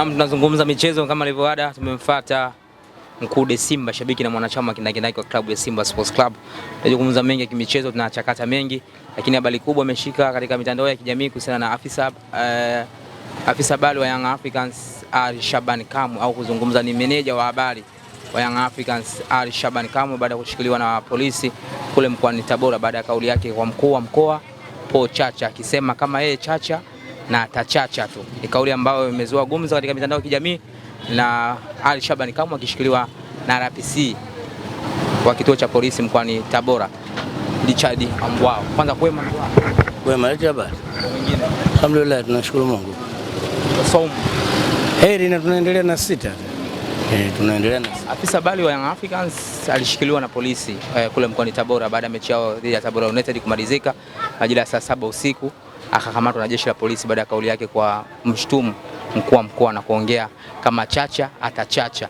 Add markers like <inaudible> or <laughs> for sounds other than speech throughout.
Naam, tunazungumza michezo kama ilivyoada, tumemfuata Mkude Simba, shabiki na mwanachama kindakindaki wa klabu ya Simba Sports Club. Tunazungumza mengi ya kimichezo, tunachakata mengi, lakini habari kubwa imeshika katika mitandao ya kijamii kuhusiana na afisa uh, afisa habari wa Young Africans Ali Shaban Kamu, au kuzungumza ni meneja wa habari wa Young Africans Ali Shaban Kamu baada ya kushikiliwa na polisi kule mkoani Tabora baada ya kauli yake kwa mkuu wa mkoa Po Chacha akisema kama yeye Chacha na Tachacha tu. Ni kauli ambayo imezua gumzo katika mitandao ya kijamii na Ali Shabani Kamwe akishikiliwa na RPC wa kituo cha polisi mkoani Tabora Richard Ambwao. Kwanza kwema kwema, habari wengine, alhamdulillah, tunashukuru Mungu Saumu heri na tunaendelea na sita E, tunaendelea na afisa bali wa Young Africans alishikiliwa na polisi eh, kule mkoani Tabora baada ya mechi yao dhidi ya Tabora United kumalizika majira ya saa saba usiku akakamatwa na jeshi la polisi baada ya kauli yake kwa mshtumu mkuu wa mkoa na kuongea kama chacha atachacha,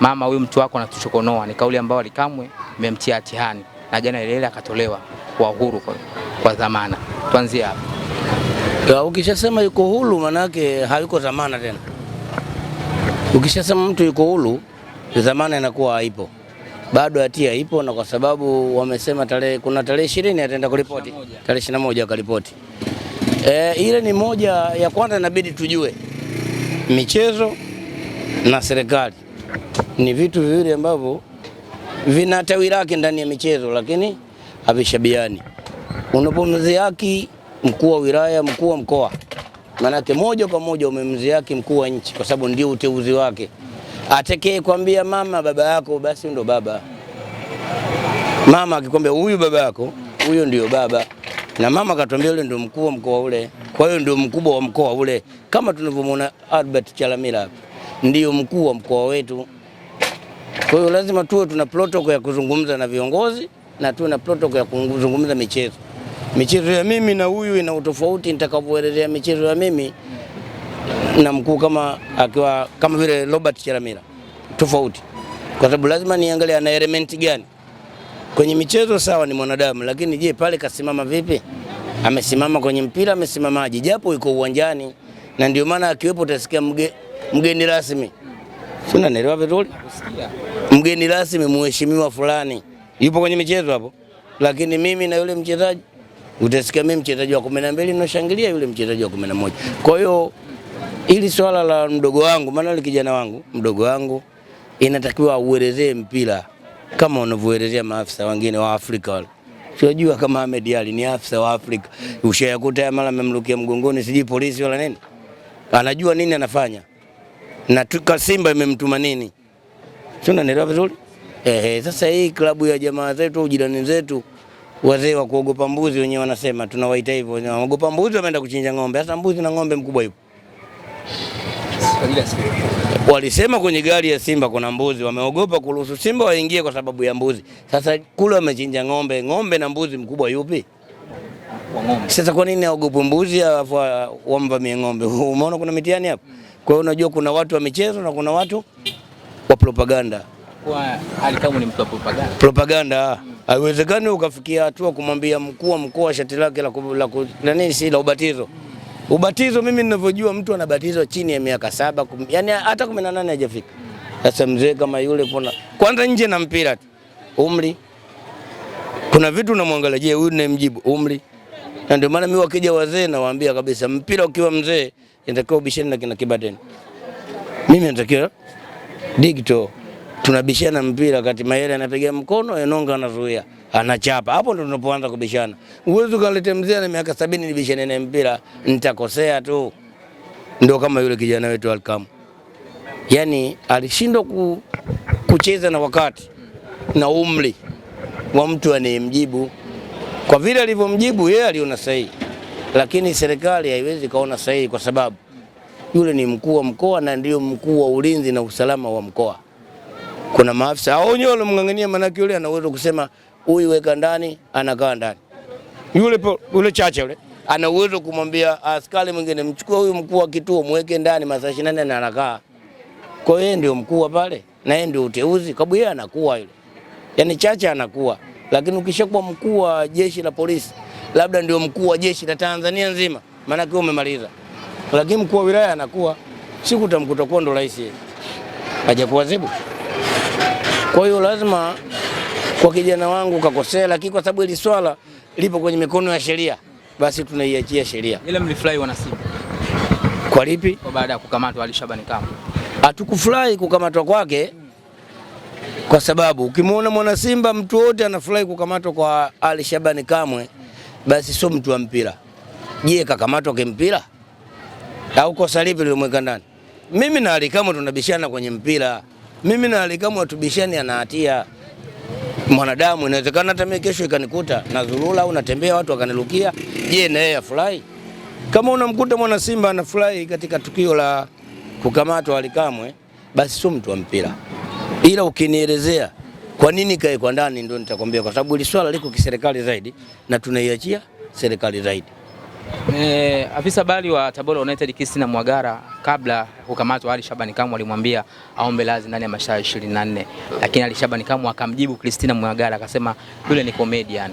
mama huyu mtu wako anatuchokonoa. Ni kauli ambayo alikamwe imemtia hatihani, na jana ile ile akatolewa kwa uhuru kwa, kwa dhamana. Tuanzie hapo. Ukishasema yuko huru, manake hayuko dhamana tena. Ukishasema mtu yuko huru, dhamana inakuwa haipo bado hatia ipo, na kwa sababu wamesema tarehe kuna tarehe ishirini ataenda kuripoti, tarehe ishirini na moja akaripoti. E, ile ni moja ya kwanza, inabidi tujue michezo na serikali ni vitu viwili ambavyo vina tawi lake ndani ya michezo, lakini havishabiani. Unapomziaki mkuu wa wilaya, mkuu wa mkoa, maanake moja kwa moja umemziaki mkuu wa nchi, kwa sababu ndio uteuzi wake. Atekee kwambia mama baba yako, basi ndo baba. Mama akikwambia huyu baba yako, huyo ndio baba na mama katuambia yule ndio mkuu wa mkoa ule, kwa hiyo ndio mkubwa wa mkoa ule, kama tunavyomwona Albert Chalamila hapa ndio mkuu wa mkoa wetu. Kwa hiyo lazima tuwe tuna protocol ya kuzungumza na viongozi na tuwe na protocol ya kuzungumza michezo. Michezo ya mimi na huyu ina utofauti nitakavyoelezea michezo ya mimi na mkuu kama akiwa kama vile Robert Chalamila tofauti, kwa sababu lazima niangalie ana element gani Kwenye michezo sawa, ni mwanadamu, lakini je, pale kasimama vipi? Amesimama kwenye mpira, amesimamaje? Japo iko uwanjani, na ndio maana akiwepo utasikia mge, mgeni rasmi, si unanielewa vizuri? Mgeni rasmi, mheshimiwa fulani yupo kwenye michezo hapo, lakini mimi na yule mchezaji utasikia mimi mchezaji wa kumi na mbili nashangilia yule mchezaji wa kumi na moja. Kwa hiyo ili swala la mdogo wangu, maana yule kijana wangu mdogo wangu inatakiwa auelezee mpira kama wanavyoelezea maafisa wengine wa Afrika wale. Sijua kama Ahmed Ali ni afisa wa Afrika. Ushayakuta ya mara amemrukia mgongoni siji polisi wala nini. Anajua nini anafanya. Na tuka Simba imemtuma nini? Sio unanielewa vizuri? Ehe, sasa hii klabu ya jamaa zetu au jirani zetu wazee wa kuogopa mbuzi wenyewe wanasema tunawaita hivyo, wanaogopa mbuzi wameenda kuchinja ng'ombe. Sasa mbuzi na ng'ombe mkubwa yupo. Walisema kwenye gari ya Simba kuna mbuzi, wameogopa kuruhusu Simba waingie kwa sababu ya mbuzi. Sasa kule wamechinja ng'ombe, ng'ombe na mbuzi, mkubwa yupi? Sasa kwa nini aogope mbuzi alafu wamvamie ng'ombe? <laughs> Umeona kuna mitihani hapo. Kwa hiyo unajua kuna watu wa michezo na kuna watu wa propaganda. Kwa ni mtu wa propaganda. Propaganda. Ah. Haiwezekani ukafikia hatua kumwambia mkuu wa mkoa shati lake la nani si la ubatizo. Ubatizo mimi ninavyojua mtu anabatizwa chini ya miaka saba kum, yani hata 18 hajafika. Sasa mzee kama yule pona kwanza nje na mpira tu. Umri. Kuna vitu unamwangalia, je, huyu mjibu umri. Na ndio maana mimi wakija wazee nawaambia kabisa mpira ukiwa mzee inatakiwa ubishane na kina Kibadeni. Mimi natakiwa digito tunabishana mpira kati Mayele anapiga mkono, Enonga anazuia anachapa. Hapo ndo tunapoanza kubishana. Uwezo kalete mzee na miaka sabini nibishane na mpira, nitakosea tu. Ndio kama yule kijana wetu Alkam, yani alishindwa ku, kucheza na wakati na umri wa mtu anayemjibu. Kwa vile alivyomjibu yeye aliona sahihi, lakini serikali haiwezi kaona sahihi kwa sababu yule ni mkuu wa mkoa na ndio mkuu wa ulinzi na usalama wa mkoa. Kuna maafisa au wenyewe waliomng'ang'ania, maanake yule ana uwezo kusema huyu weka ndani, anakaa ndani. Yule yule chache yule ana uwezo kumwambia askari mwingine, mchukue huyu mkuu wa kituo mweke ndani masaa 24 na anakaa. Kwa hiyo ndio mkuu pale na yeye ndio uteuzi, sababu yeye anakuwa yule. yani chache anakuwa, lakini ukishakuwa mkuu wa jeshi la polisi, labda ndio mkuu wa jeshi la Tanzania nzima, maana kwa umemaliza. Lakini mkuu wa wilaya anakuwa siku tamkuta kwa ndo rais. Hajakuwa zibu. Kwa hiyo lazima kwa kijana wangu kakosea, lakini kwa sababu ile swala lipo kwenye mikono ya sheria, basi tunaiachia sheria. Ile mlifurahi wana Simba kwa lipi? Kwa baada ya kukamatwa Ali Shabani Kamwe. Hatukufurahi kukamatwa kwake kwa sababu ukimwona mwana Simba mtu wote anafurahi kukamatwa kwa Ali Shabani Kamwe, basi sio mtu wa mpira. Je, kakamatwa kimpira au kosa lipi lilimweka ndani? Mimi na Ali Kamwe tunabishana kwenye mpira, mimi na Ali Kamwe hatubishani ana hatia mwanadamu. Inawezekana hata mimi kesho ikanikuta nazurura au natembea watu wakanirukia, je, na yeye afurahi? Kama unamkuta mwana Simba anafurahi katika tukio la kukamatwa Alikamwe, basi sio mtu wa mpira. Ila ukinielezea kwa nini kae kwa ndani, ndio nitakwambia, kwa sababu hili swala liko kiserikali zaidi na tunaiachia serikali zaidi. Eh, afisa habari wa Tabora United Christina Mwagara kabla kukamatwa Ali Shabani Kamwe alimwambia aombe lazi ndani ya masaa 24, lakini Ali Shabani Kamwe akamjibu Christina Mwagara akasema yule ni comedian,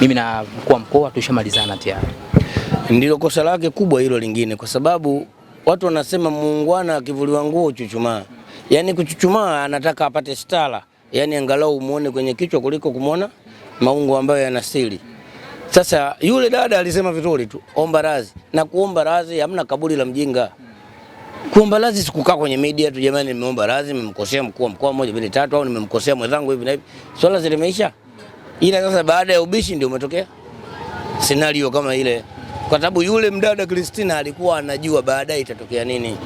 mimi na mkuu wa mkoa tushamalizana tayari. Ndilo kosa lake kubwa hilo lingine, kwa sababu watu wanasema muungwana akivuliwa nguo chuchumaa. Yaani kuchuchumaa anataka apate stara, yaani angalau umuone kwenye kichwa kuliko kumwona maungo ambayo yana siri. Sasa yule dada alisema vizuri tu, omba radhi na kuomba radhi, hamna kaburi la mjinga. Kuomba radhi sikukaa kwenye media tu, jamani, nimeomba radhi, nimemkosea mkuu wa mkoa moja mbili tatu, au nimemkosea mwenzangu hivi na hivi, swala zilimeisha. Ila sasa baada ya ubishi ndio umetokea scenario kama ile, kwa sababu yule mdada Kristina alikuwa anajua baadaye itatokea nini,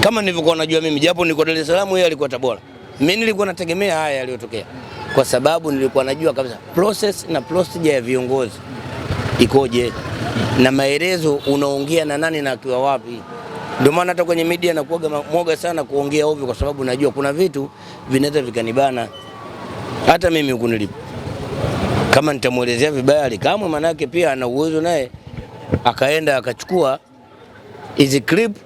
kama nilivyokuwa najua mimi, japo niko Dar es Salaam, yeye alikuwa Tabora. Mimi nilikuwa nategemea haya yaliyotokea kwa sababu nilikuwa najua kabisa process na procedure ya viongozi ikoje na maelezo, unaongea na nani na akiwa wapi. Ndio maana hata kwenye media nakuaga mwoga sana kuongea ovyo, kwa sababu najua kuna vitu vinaweza vikanibana hata mimi huku nilipo. Kama nitamwelezea vibaya Alikamwe, manake pia ana uwezo naye akaenda akachukua hizi clip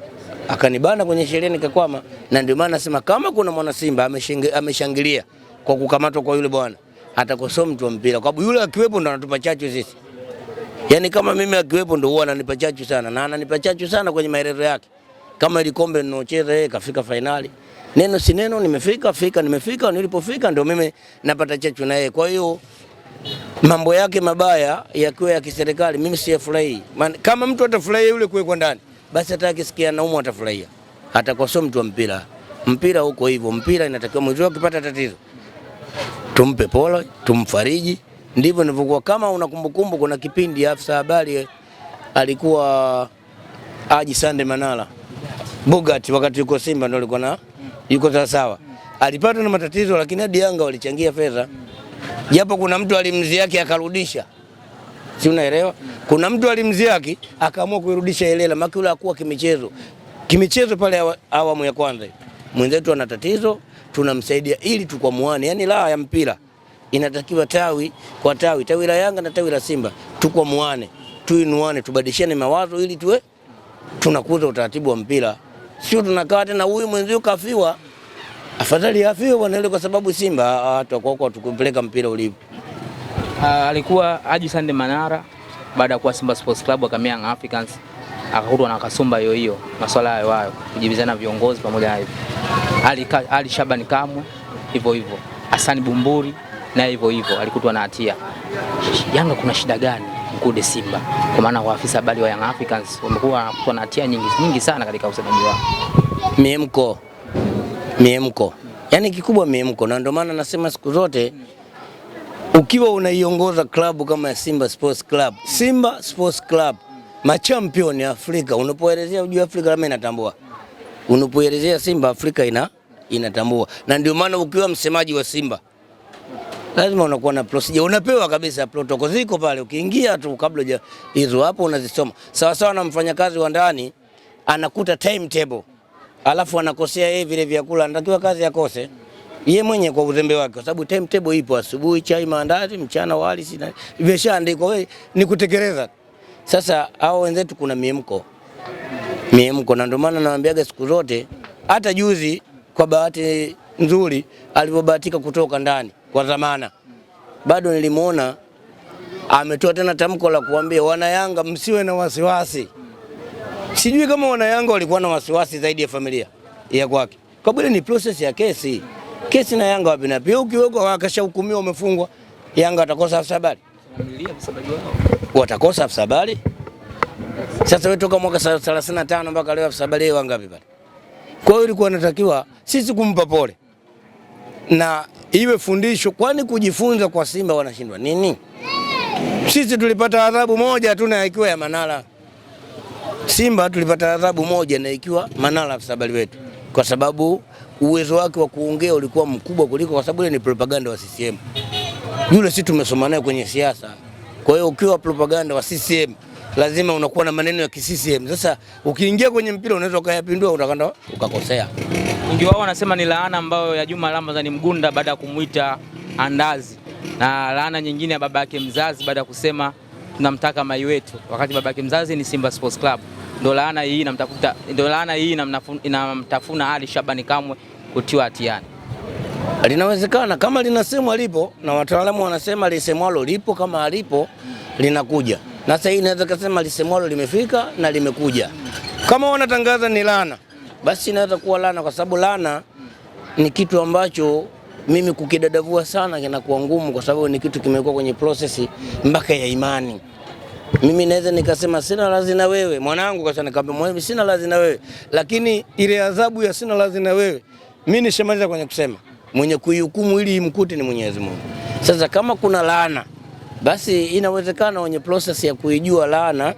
akanibana kwenye sherehe nikakwama, na ndio maana nasema kama kuna mwana Simba ameshangilia kwa kukamatwa kwa yule bwana atakosoa mtu wa mpira, kwa sababu yule akiwepo ndo anatupa chachu sisi. Yani kama mimi akiwepo ndo huwa ananipa chachu sana, na ananipa chachu sana kwenye maelezo yake. Kama ile kombe ninaocheza yeye kafika fainali, neno si neno, nimefika fika, nimefika. Nilipofika ndo mimi napata chachu na yeye. Kwa hiyo mambo yake mabaya yakiwa ya kiserikali, mimi siyafurahii. Kama mtu atafurahia yule kuwekwa ndani, basi hata akisikia naumu atafurahia, atakosoa mtu wa mpira. Mpira huko hivyo, mpira inatakiwa mzee akipata tatizo tumpe pole, tumfariji. Ndivyo nilivyokuwa. Kama una kumbukumbu, kuna kipindi afisa habari alikuwa aji Sande Manara Bogart, wakati yuko Simba ndio alikuwa na yuko sawa sawa, alipata na matatizo, lakini hadi Yanga walichangia fedha, japo kuna mtu alimzi yake akarudisha si unaelewa? Kuna mtu alimzi yake akaamua kuirudisha ilela, maki ule akuwa kimichezo kimichezo pale awamu ya kwanza, mwenzetu ana tatizo tunamsaidia ili tukwamuane. Yani la ya mpira inatakiwa tawi kwa tawi, tawi la Yanga na tawi la Simba tukwamuane, tuinuane, tubadilishane mawazo ili tuwe tunakuza utaratibu wa mpira, sio tunakaa tena huyu mwenzio kafiwa. Afadhali afiwe bwana ile, kwa sababu Simba ah, ah, atakuwa tukupeleka mpira ulipo. Ah, alikuwa Haji Sande Manara baada ya kuwa Simba Sports Club akamea Young Africans akakutwa na kasumba hiyo hiyo, masuala hayo hayo, kujibizana viongozi pamoja na hivyo ali, Ali Shabani Kamwe hivyo hivyo, Hasani Bumburi naye hivyo hivyo alikutwa na hatia. Yanga kuna shida gani Mkude Simba? Kwa maana waafisa habari wa Young Africans wamekuwa wanakutwa na hatia nyingi nyingi sana katika usajili wao. Miemko, miemko, yaani kikubwa miemko, na ndio maana nasema siku zote ukiwa unaiongoza klabu kama ya Simba Sports Club, Simba Sports Club machampion ya Afrika, unapoelezea ujue Afrika kama inatambua unapoelezea Simba Afrika ina, inatambua na ndio maana ukiwa msemaji wa Simba lazima unakuwa na procedure, unapewa kabisa protocol ziko pale, ukiingia tu kabla hizo hapo unazisoma sawa sawa, na mfanyakazi wa ndani anakuta timetable alafu anakosea yeye vile vyakula, anatakiwa kazi akose yeye mwenye kwa uzembe wake, kwa sababu timetable ipo, asubuhi chai, maandazi, mchana wali, sina imeshaandikwa, wewe ni kutekeleza. Sasa hao wenzetu kuna miemko miemko, na ndio maana naambiaga siku zote. Hata juzi kwa bahati nzuri alivyobahatika kutoka ndani kwa dhamana, bado nilimuona ametoa tena tamko la kuambia wanayanga msiwe na wasiwasi. Sijui kama wanayanga walikuwa na wasiwasi zaidi ya familia ya kwake, kwa sababu ni process ya kesi. Kesi na Yanga wapi na pia ukiwekwa wakashahukumiwa umefungwa, Yanga watakosa afisa habari, watakosa afisa habari sasa wewe toka mwaka 35 mpaka leo afisa habari wangapi pale? Kwa hiyo ilikuwa inatakiwa sisi kumpa pole na iwe fundisho, kwani kujifunza kwa Simba wanashindwa nini? Sisi tulipata adhabu moja tu na ikiwa ya Manara. Simba tulipata adhabu moja na ikiwa Manara afisa habari wetu, kwa sababu uwezo wake wa kuongea ulikuwa mkubwa kuliko, kwa sababu ile ni propaganda wa CCM. Yule sisi tumesoma naye kwenye siasa, kwa hiyo ukiwa propaganda wa CCM lazima unakuwa na maneno ya CCM. Sasa ukiingia kwenye mpira unaweza ukayapindua, utakanda ukakosea. Wengi wao wanasema ni laana ambayo ya Juma Ramadhani Mgunda baada ya kumwita andazi, na laana nyingine ya baba yake mzazi baada ya kusema tunamtaka mai wetu, wakati baba yake mzazi ni Simba Sports Club. Ndio laana hii inamtafuta, ndio laana hii inamtafuna Ali Shabani Kamwe kutiwa hatiani. Linawezekana kama linasemwa lipo, na wataalamu wanasema lisemwalo lipo, kama alipo linakuja na sasa hii naweza kusema lisemwalo limefika na limekuja. Kama wanatangaza ni laana, basi inaweza kuwa laana, kwa sababu laana ni kitu ambacho mimi kukidadavua sana kinakuwa ngumu, kwa sababu ni kitu kimekuwa kwenye prosesi mpaka ya imani. Mimi naweza nikasema sina radhi na wewe mwanangu, kwa sababu nikamwambia mwanangu sina radhi na wewe, lakini ile adhabu ya sina radhi na wewe mimi nishamaliza kwenye kusema mwenye kuihukumu ili imkute ni Mwenyezi Mungu. Sasa kama kuna laana basi inawezekana wenye process ya kuijua laana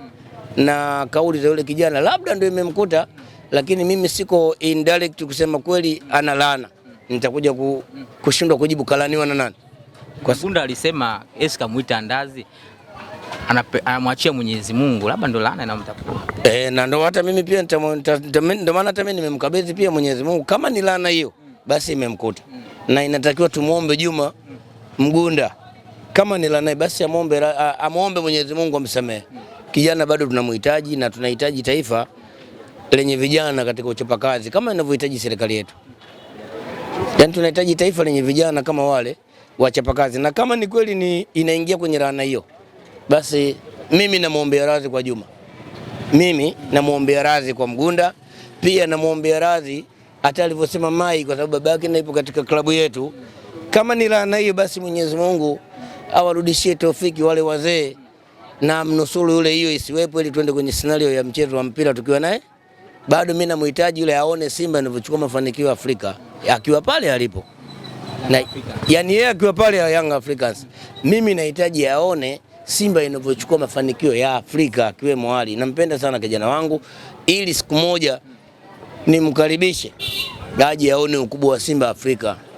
na kauli za yule kijana labda ndio imemkuta, lakini mimi siko indirect kusema kweli ana laana, nitakuja kushindwa kujibu kalaniwa na nani. Kwa alisema Yesu kamuita ndazi, anamwachia Mwenyezi Mungu, labda ndo laana inamtapua eh, na ndo hata mimi pia ndo maana hata mimi nimemkabidhi pia Mwenyezi Mungu, kama ni laana hiyo basi imemkuta, na inatakiwa tumuombe Juma Mgunda kama ni la basi amwombe, amwombe Mwenyezi Mungu amsamehe. Kijana bado tunamhitaji na tunahitaji taifa lenye vijana katika uchapa kazi kama inavyohitaji serikali yetu. Yaani tunahitaji taifa lenye vijana kama wale wachapa kazi, na kama ni kweli ni inaingia kwenye laana hiyo, basi mimi namwombea radhi kwa Juma, mimi namwombea radhi kwa Mgunda, pia namwombea radhi hata alivyosema Mai, kwa sababu babake na ipo katika klabu yetu. Kama ni laana hiyo, basi Mwenyezi Mungu awarudishie Taufiki wale wazee na mnusuru yule, hiyo isiwepo, ili tuende kwenye scenario ya mchezo wa mpira tukiwa naye bado. Mimi namhitaji yule, aone Simba inavyochukua mafanikio ya Afrika akiwa pale alipo na, yani yeye akiwa pale ya Young Africans, mimi nahitaji aone Simba inavyochukua mafanikio ya Afrika akiwemo Ali. Nampenda sana kijana wangu, ili siku moja nimkaribishe aje aone ukubwa wa Simba Afrika.